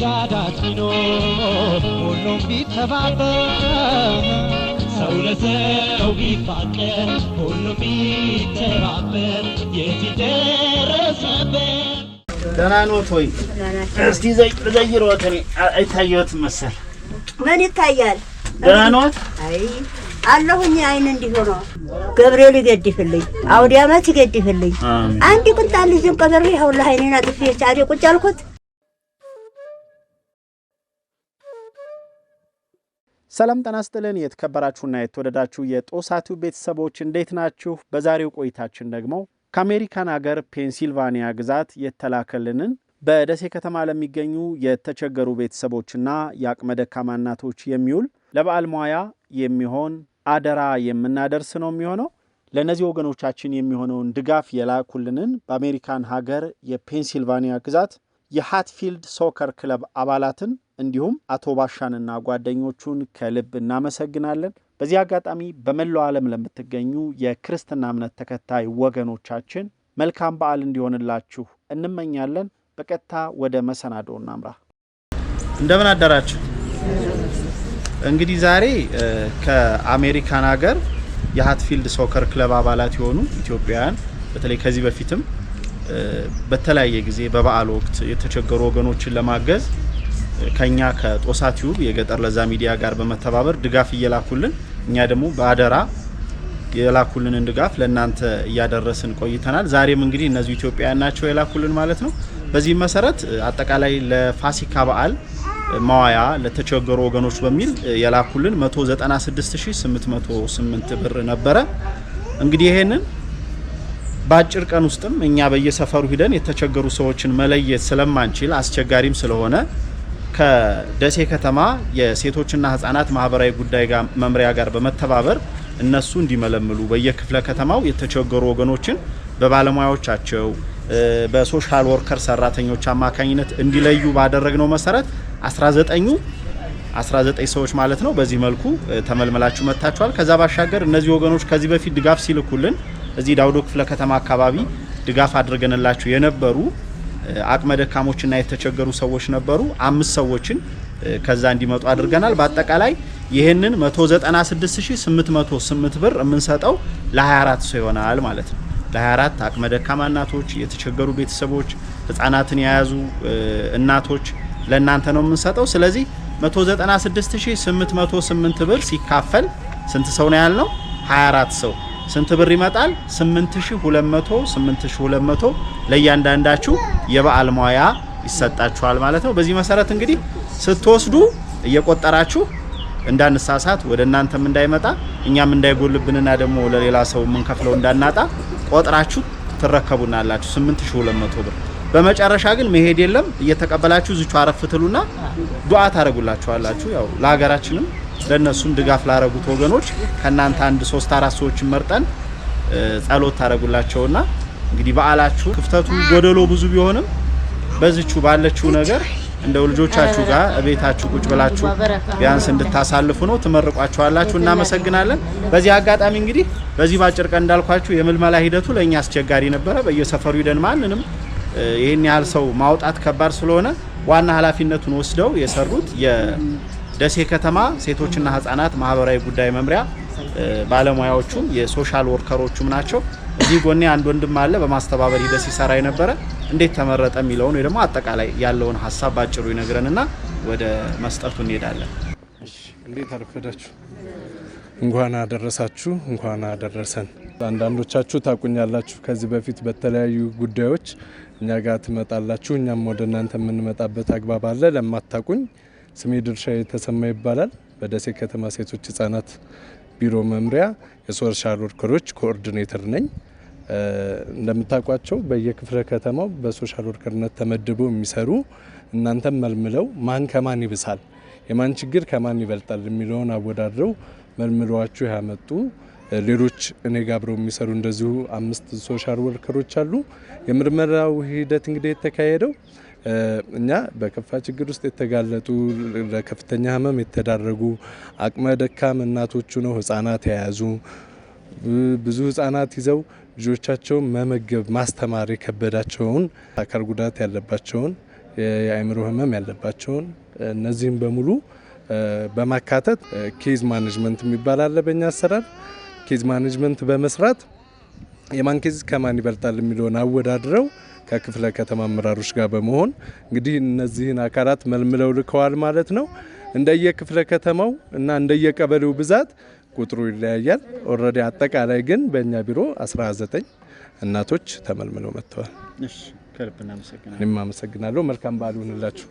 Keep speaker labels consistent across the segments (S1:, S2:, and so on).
S1: መረዳዳት ቢኖር ሁሉም ቢተባበር ሰው ለሰው ቢፋቀር ሁሉም ቢተባበር የት ይደረሰበት። ደህና ኖት ወይ? እስቲ ዘይሮት አይታየዎትም መሰል።
S2: ምን ይታያል? ደህና ኖት? አይ አለሁኝ። አይን እንዲህ ሆኖ ገብርኤል ይገድፍልኝ፣ አውዲያመት ይገድፍልኝ። አንድ ቁንጣን ልጅን ቀበሬ ይኸውልህ አይኔን አጥፌ ቁጭ አልኩት።
S1: ሰላም ጤና ይስጥልን። የተከበራችሁና የተወደዳችሁ የጦሳቱ ቤተሰቦች እንዴት ናችሁ? በዛሬው ቆይታችን ደግሞ ከአሜሪካን አገር ፔንሲልቫኒያ ግዛት የተላከልንን በደሴ ከተማ ለሚገኙ የተቸገሩ ቤተሰቦችና የአቅመ ደካማ እናቶች የሚውል ለበዓል ሙያ የሚሆን አደራ የምናደርስ ነው የሚሆነው። ለእነዚህ ወገኖቻችን የሚሆነውን ድጋፍ የላኩልንን በአሜሪካን ሀገር የፔንሲልቫኒያ ግዛት የሃትፊልድ ሶከር ክለብ አባላትን እንዲሁም አቶ ባሻንና ጓደኞቹን ከልብ እናመሰግናለን። በዚህ አጋጣሚ በመላው ዓለም ለምትገኙ የክርስትና እምነት ተከታይ ወገኖቻችን መልካም በዓል እንዲሆንላችሁ እንመኛለን። በቀጥታ ወደ መሰናዶ እናምራ። እንደምን አደራችሁ። እንግዲህ ዛሬ ከአሜሪካን ሀገር የሀትፊልድ ሶከር ክለብ አባላት የሆኑ ኢትዮጵያውያን በተለይ ከዚህ በፊትም በተለያየ ጊዜ በበዓል ወቅት የተቸገሩ ወገኖችን ለማገዝ ከኛ ከጦሳ ቲዩብ የገጠር ለዛ ሚዲያ ጋር በመተባበር ድጋፍ እየላኩልን እኛ ደግሞ በአደራ የላኩልንን ድጋፍ ለእናንተ እያደረስን ቆይተናል። ዛሬም እንግዲህ እነዚሁ ኢትዮጵያውያን ናቸው የላኩልን ማለት ነው። በዚህም መሰረት አጠቃላይ ለፋሲካ በዓል ማዋያ ለተቸገሩ ወገኖች በሚል የላኩልን 196808 ብር ነበረ። እንግዲህ ይሄንን በአጭር ቀን ውስጥም እኛ በየሰፈሩ ሂደን የተቸገሩ ሰዎችን መለየት ስለማንችል አስቸጋሪም ስለሆነ ከደሴ ከተማ የሴቶችና ህጻናት ማህበራዊ ጉዳይ መምሪያ ጋር በመተባበር እነሱ እንዲመለምሉ በየክፍለ ከተማው የተቸገሩ ወገኖችን በባለሙያዎቻቸው በሶሻል ወርከር ሰራተኞች አማካኝነት እንዲለዩ ባደረግነው መሰረት 19ኙ 19 ሰዎች ማለት ነው። በዚህ መልኩ ተመልመላችሁ መጥታችኋል። ከዛ ባሻገር እነዚህ ወገኖች ከዚህ በፊት ድጋፍ ሲልኩልን እዚህ ዳውዶ ክፍለ ከተማ አካባቢ ድጋፍ አድርገንላችሁ የነበሩ አቅመ ደካሞችና የተቸገሩ ሰዎች ነበሩ። አምስት ሰዎችን ከዛ እንዲመጡ አድርገናል። በአጠቃላይ ይህንን 196808 ብር የምንሰጠው ለ24 ሰው ይሆናል ማለት ነው። ለ24 አቅመ ደካማ እናቶች፣ የተቸገሩ ቤተሰቦች፣ ህጻናትን የያዙ እናቶች ለእናንተ ነው የምንሰጠው። ስለዚህ 196808 ብር ሲካፈል ስንት ሰው ነው ያልነው? 24 ሰው ስንት ብር ይመጣል? 8200 8200 ለእያንዳንዳችሁ የበዓል ሙያ ይሰጣችኋል ማለት ነው። በዚህ መሰረት እንግዲህ ስትወስዱ እየቆጠራችሁ እንዳንሳሳት ወደ እናንተም እንዳይመጣ እኛም እንዳይጎልብንና ደግሞ ለሌላ ሰው የምንከፍለው እንዳናጣ ቆጥራችሁ ትረከቡናላችሁ 8200 ብር። በመጨረሻ ግን መሄድ የለም እየተቀበላችሁ እዚቹ አረፍትሉና ዱዓ ታደርጉላችኋላችሁ ያው ለሀገራችንም ለእነሱም ድጋፍ ላረጉት ወገኖች ከእናንተ አንድ ሶስት አራት ሰዎችን መርጠን ጸሎት ታደረጉላቸውና እንግዲህ በዓላችሁ ክፍተቱ ጎደሎ ብዙ ቢሆንም በዚችሁ ባለችው ነገር እንደው ልጆቻችሁ ጋር ቤታችሁ ቁጭ ብላችሁ ቢያንስ እንድታሳልፉ ነው። ትመርቋችኋላችሁ። እናመሰግናለን። በዚህ አጋጣሚ እንግዲህ በዚህ ባጭር ቀን እንዳልኳችሁ የምልመላ ሂደቱ ለእኛ አስቸጋሪ ነበረ። በየሰፈሩ ሂደን ማንንም ይህን ያህል ሰው ማውጣት ከባድ ስለሆነ ዋና ኃላፊነቱን ወስደው የሰሩት ደሴ ከተማ ሴቶችና ህጻናት ማህበራዊ ጉዳይ መምሪያ ባለሙያዎቹ የሶሻል ወርከሮቹም ናቸው። እዚህ ጎኔ አንድ ወንድም አለ በማስተባበር ሂደት ሲሰራ የነበረ እንዴት ተመረጠ የሚለውን ወይ ደግሞ አጠቃላይ ያለውን ሀሳብ ባጭሩ ይነግረንና ወደ መስጠቱ እንሄዳለን። እንዴት አረፈዳችሁ?
S3: እንኳን አደረሳችሁ፣ እንኳን አደረሰን። አንዳንዶቻችሁ ታቁኛላችሁ። ከዚህ በፊት በተለያዩ ጉዳዮች እኛ ጋር ትመጣላችሁ፣ እኛም ወደ እናንተ የምንመጣበት አግባብ አለ። ለማታቁኝ ስሜ ድርሻ የተሰማ ይባላል። በደሴ ከተማ ሴቶች ህጻናት ቢሮ መምሪያ የሶሻል ወርከሮች ኮኦርዲኔተር ነኝ። እንደምታውቋቸው በየክፍለ ከተማው በሶሻል ወርከርነት ተመድበው የሚሰሩ እናንተም መልምለው ማን ከማን ይብሳል፣ የማን ችግር ከማን ይበልጣል የሚለውን አወዳድረው መልምለዋችሁ ያመጡ ሌሎች እኔ ጋር አብረው የሚሰሩ እንደዚሁ አምስት ሶሻል ወርከሮች አሉ። የምርመራው ሂደት እንግዲህ የተካሄደው እኛ በከፋ ችግር ውስጥ የተጋለጡ ለከፍተኛ ህመም የተዳረጉ አቅመ ደካም እናቶቹ ነው ህጻናት የያዙ ብዙ ህጻናት ይዘው ልጆቻቸውን መመገብ ማስተማር የከበዳቸውን አካል ጉዳት ያለባቸውን የአእምሮ ህመም ያለባቸውን እነዚህም በሙሉ በማካተት ኬዝ ማኔጅመንት የሚባል አለ። በእኛ አሰራር ኬዝ ማኔጅመንት በመስራት የማን ኬዝ ከማን ይበልጣል የሚለውን አወዳድረው ከክፍለ ከተማ አመራሮች ጋር በመሆን እንግዲህ እነዚህን አካላት መልምለው ልከዋል ማለት ነው። እንደየክፍለ ከተማው እና እንደየቀበሌው ብዛት ቁጥሩ ይለያያል። ኦልሬዲ አጠቃላይ ግን በእኛ ቢሮ 19 እናቶች ተመልምለው መጥተዋል። እኔም አመሰግናለሁ። መልካም በዓል ይሁንላችሁ።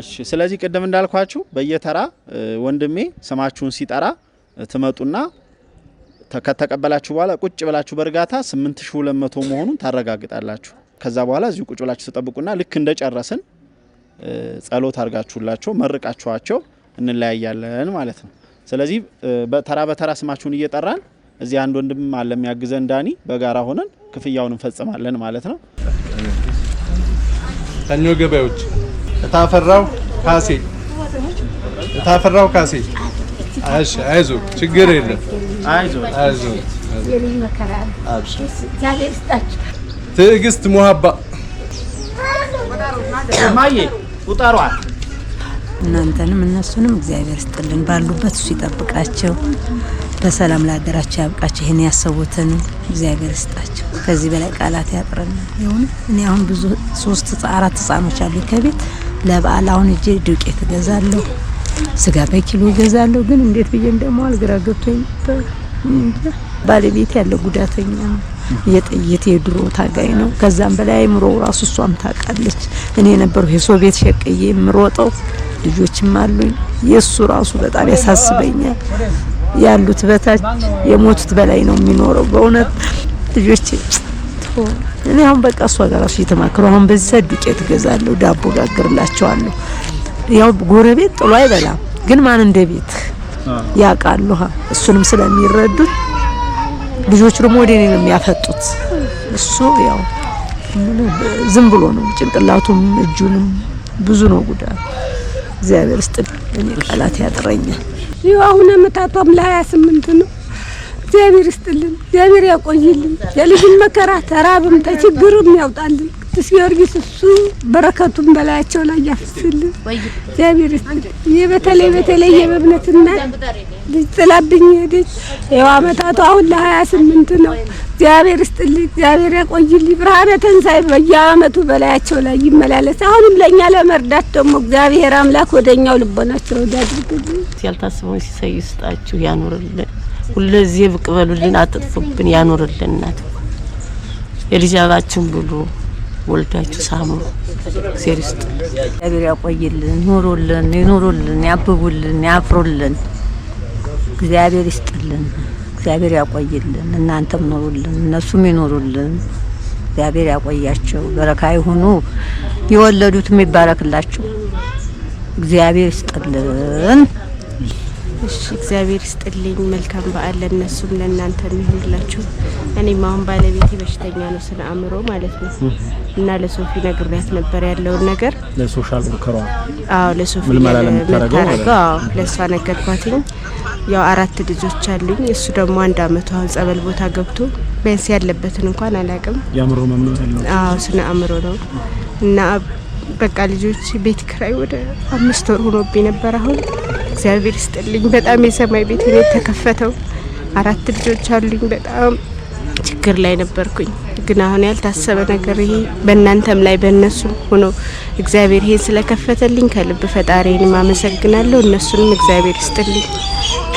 S1: እሺ። ስለዚህ ቅድም እንዳልኳችሁ በየተራ ወንድሜ ስማችሁን ሲጠራ ትመጡና ከተቀበላችሁ በኋላ ቁጭ ብላችሁ በእርጋታ 8200 መሆኑን ታረጋግጣላችሁ። ከዛ በኋላ እዚሁ ቁጭ ብላችሁ ተጠብቁና ልክ እንደ ጨረስን ጸሎት አድርጋችሁላቸው መርቃችኋቸው እንለያያለን ማለት ነው። ስለዚህ በተራ በተራ ስማችሁን እየጠራን እዚህ አንድ ወንድም አለ የሚያግዘን ዳኒ፣ በጋራ ሆነን ክፍያውን እንፈጽማለን ማለት ነው። ሰኞ ገበያዎች እታፈራው ካሴ እታፈራው ካሴ። እሺ፣ አይዞ ችግር የለም አይዞ፣ አይዞ። መከራ ያለ ትዕግስት ሙሀባ ማዬ ውጠሯል።
S4: እናንተንም እነሱንም እግዚአብሔር ስጥልን፣ ባሉበት እሱ ይጠብቃቸው፣ በሰላም ለሀገራቸው ያብቃቸው። ይህን ያሰቡትን እግዚአብሔር ስጣቸው። ከዚህ በላይ ቃላት ያጥረና ይሁን። እኔ አሁን ብዙ ሶስት አራት ህጻኖች አሉ ከቤት ለበዓል አሁን እጄ ዱቄት እገዛለሁ፣ ስጋ በኪሎ እገዛለሁ። ግን እንዴት ብዬ እንደማዋል ግራ ገብቶኝ ባለቤት ያለው ጉዳተኛ ነው። የጥይት የድሮ ታጋይ ነው። ከዛም በላይ ምሮ ራሱ እሷም ታውቃለች። እኔ የነበሩ የሰው ቤት ሸቅዬ የምሮጠው ልጆችም አሉኝ። የእሱ ራሱ በጣም ያሳስበኛል። ያሉት በታች የሞቱት በላይ ነው የሚኖረው። በእውነት ልጆች እኔ አሁን በቃ እሷ ጋር ራሱ እየተማከሩ አሁን በዛ ዱቄት እገዛለሁ፣ ዳቦ ጋግርላቸዋለሁ። ያው ጎረቤት ጥሎ አይበላም፣ ግን ማን እንደ ቤት ያውቃሉ እሱንም ስለሚረዱት ልጆቹ ደግሞ ወደ እኔ ነው የሚያፈጡት። እሱ ያው ዝም ብሎ ነው ጭንቅላቱም እጁንም ብዙ ነው ጉዳት። እግዚአብሔር ስጥ እኔ ቃላት ያጥረኛል።
S5: ይኸው አሁን አመታቷም ለሀያ ስምንት ነው። እግዚአብሔር ይስጥልን፣ እግዚአብሔር ያቆይልን፣ የልጅን መከራ ተራብም ተችግርም ያውጣልን። ቅዱስ ጊዮርጊስ እሱ በረከቱን በላያቸው ላይ ያፍስልን። እግዚአብሔር ይስጥልን። ይህ በተለይ በተለይ የመብነትና ልጅ ጥላብኝ ሄደች። ይኸው አመታቱ አሁን ለሀያ ስምንት ነው። እግዚአብሔር ይስጥልኝ፣ እግዚአብሔር ያቆይልኝ። ብርሃነ ትንሣኤ በየአመቱ በላያቸው ላይ ይመላለስ። አሁንም ለእኛ ለመርዳት ደግሞ እግዚአብሔር አምላክ ወደኛው ልቦናቸው ወዳድርግልኝ።
S6: ያልታሰበውን ሲሳይ ይስጣችሁ፣ ያኖርልን። ሁለዚህ ብቅ በሉልን፣ አጥጥፉብን፣ ያኖርልን። እናት የልጃባችን ብሉ ወልዳችሁ ሳሙ። እግዚአብሔር ይስጥ፣
S7: እግዚአብሔር ያቆይልን፣ ኑሩልን፣ ይኑሩልን፣ ያብቡልን፣ ያፍሩልን። እግዚአብሔር ይስጥልን፣ እግዚአብሔር ያቆይልን። እናንተም ኑሩልን፣ እነሱም ይኑሩልን። እግዚአብሔር ያቆያቸው፣ በረካ ይሁኑ። የወለዱትም ይባረክላቸው። እግዚአብሔር ይስጥልን።
S8: እሺ፣ እግዚአብሔር ይስጥልኝ። መልካም በዓል ለእነሱም ለእናንተ የሚሆንላችሁ። እኔም አሁን ባለቤቴ በሽተኛ ነው ስለ አእምሮ ማለት ነው እና ለሶፊ ነግሬያት ነበር ያለውን ነገር
S1: ለሶሻል ሙከራ። አዎ፣ ለሶፊ ምልመላለምታረገው
S8: ለእሷ ነገርኳትኝ። ያው አራት ልጆች አሉኝ። እሱ ደግሞ አንድ አመቱ አሁን ጸበል ቦታ ገብቶ ቢያንስ ያለበትን እንኳን አላውቅም።
S1: የአእምሮ መምኖት ያለው
S8: አዎ፣ ስነ አእምሮ ነው እና በቃ ልጆች ቤት ክራይ ወደ አምስት ወር ሆኖብኝ ነበር። አሁን እግዚአብሔር ይስጥልኝ በጣም የሰማይ ቤት ነው የተከፈተው። አራት ልጆች አሉኝ። በጣም ችግር ላይ ነበርኩኝ። ግን አሁን ያልታሰበ ነገር ይሄ በእናንተም ላይ በእነሱ ሆኖ እግዚአብሔር ይሄን ስለከፈተልኝ ከልብ ፈጣሪን አመሰግናለሁ እነሱንም እግዚአብሔር ይስጥልኝ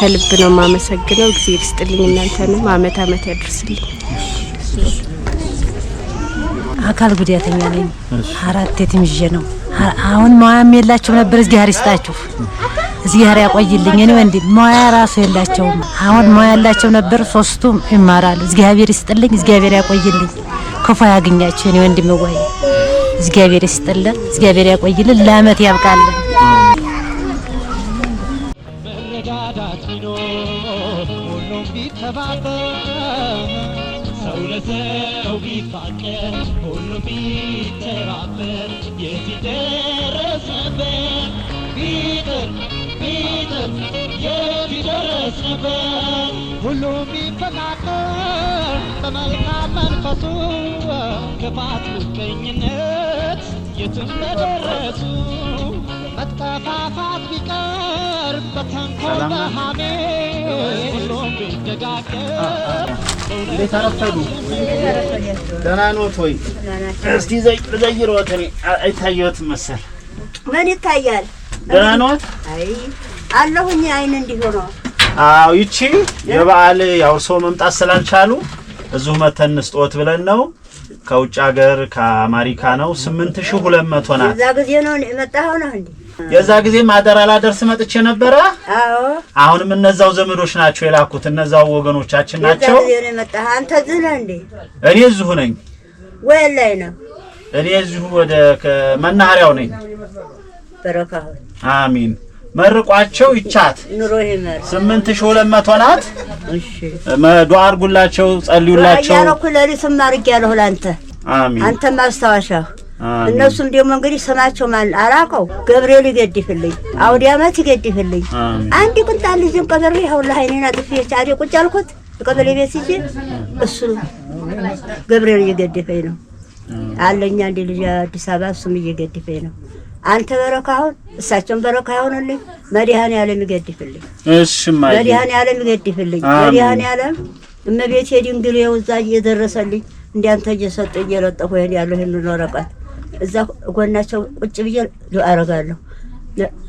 S8: ከልብ ነው ማመሰግነው። እግዚአብሔር ይስጥልኝ እናንተንም አመት አመት ያደርስልኝ።
S7: አካል ጉዳተኛ ነኝ። አራት የትም ይዤ ነው። አሁን መዋያም የላቸው ነበር። እግዚአብሔር ይስጣችሁ፣ እግዚአብሔር ያቆይልኝ። እኔ ወንድ መዋያ ራሱ የላቸውም። አሁን መዋያ ያላቸው ነበር። ሶስቱም ይማራሉ። እግዚአብሔር ይስጥልኝ፣ እግዚአብሔር ያቆይልኝ፣ ክፉ ያግኛቸው። እኔ ወንድ መዋያ እግዚአብሔር ይስጥልን፣ እግዚአብሔር ያቆይልን፣ ለአመት ያብቃልን። ነበር ቢጥር ቢጥር
S1: ሁሉም ይፈቃቀር በመልካም መንፈሱ ክፋት፣ ምቀኝነት የትም በደረሱ መጠፋፋት ቢቀር በተንኮል በሐሜት ሁሉም ቢደጋገር እንዴት አረፈዱ? ደህና ኖት ወይ? እስቲ ዘይሮት እኔ መሰል
S2: ምን ይታያል? ደህና ነዎት? አይ አለሁኝ። አይን እንዲህ ሆኖ።
S1: አዎ ይቺ የበዓል ያው ሰው መምጣት ስላልቻሉ እዚሁ መተን ስጦት ብለን ነው። ከውጭ ሀገር ከአማሪካ ነው። 8200 ናት። እዛ
S2: ጊዜ ነው የመጣኸው ነው እንዴ?
S1: የዛ ጊዜ ማደራ ላደርስ መጥቼ ነበረ። አዎ አሁንም እነዛው ዘመዶች ናቸው የላኩት፣ እነዛው ወገኖቻችን ናቸው። እዛ
S2: ጊዜ ነው የመጣኸው አንተ? እዚህ ነህ እንዴ?
S1: እኔ እዚሁ ነኝ።
S2: ወይ ላይ ነው
S1: እኔ እዚሁ ወደ መናኸሪያው ነኝ። በረካ አሚን። መርቋቸው ይቻት ስምንት ሺህ ሁለት መቶ ናት። ዱዓ አድርጉላቸው፣ ጸልዩላቸው።
S2: ያረኩ ለሊት ማርግ ያለሁ ለአንተ አሚን። አንተ ማስታወሻ እነሱም ደግሞ እንግዲህ ስማቸው ማን አራቀው ገብርኤል ይገድፍልኝ፣ አውዲ አመት ይገድፍልኝ። አንድ ቅንጣት ልጅን ቀበሬ ይኸውላ ሀይኔና ጥፊዎች አዴ ቁጭ አልኩት ቀበሌ ቤት እጄ እሱ ገብርኤል እየገደፈኝ ነው አለኛ እንደ ልጅ አዲስ አበባ እሱም እየገድፌ ነው። አንተ በረካ አሁን እሳቸውን በረካ ይሆንልኝ፣ መድኃኔዓለም ይገድፍልኝ፣ መድኃኔዓለም ይገድፍልኝ። መድኃኔዓለም እመቤቴ ድንግል የውዛ እየደረሰልኝ እንዲያንተ እየሰጡ እየለጠሁ ይሄን ያለሁ ይህንን ወረቀት እዛ ጎናቸው ቁጭ ብዬ አረጋለሁ።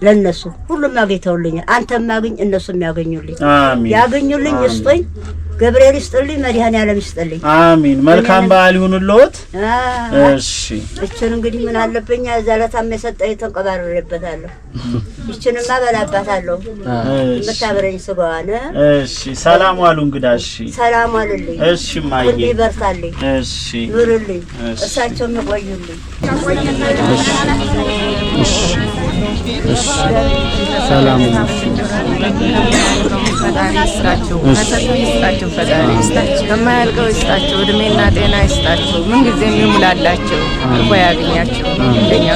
S2: ለነሱ ሁሉም አግኝተውልኛል። አንተም አግኝ፣ እነሱም ያገኙልኝ፣ ያገኙልኝ፣ ይስጡኝ። ገብርኤል ይስጥልኝ፣ መድኃኔዓለም ይስጥልኝ።
S1: አሚን። መልካም በዓል ይሁንልዎት። እሺ፣
S2: እችን እንግዲህ ምን አለብኝ ዘለታም የሰጠኝ ተንቀባረረበታለሁ። እችንማ በላባታለሁ፣ የምታብረኝ ስጋዋን።
S1: እሺ፣ ሰላም ዋሉ እንግዳ። እሺ፣
S2: ሰላም ዋሉልኝ።
S1: እሺ፣ ማየ ሁሉ
S2: ይበርታልኝ። እሺ፣ ይብርልኝ፣ እሳቸው ይቆዩልኝ። ሰላም ፈጣሪ ይስጣቸው፣ ይስጣቸው፣ ፈጣሪ ይስጣቸው፣ ከማያልቀው ይስጣቸው፣ እድሜና ጤና ይስጣቸው፣ ምንጊዜም ይሙላላቸው፣ እኮ ያገኛቸው እንደኛ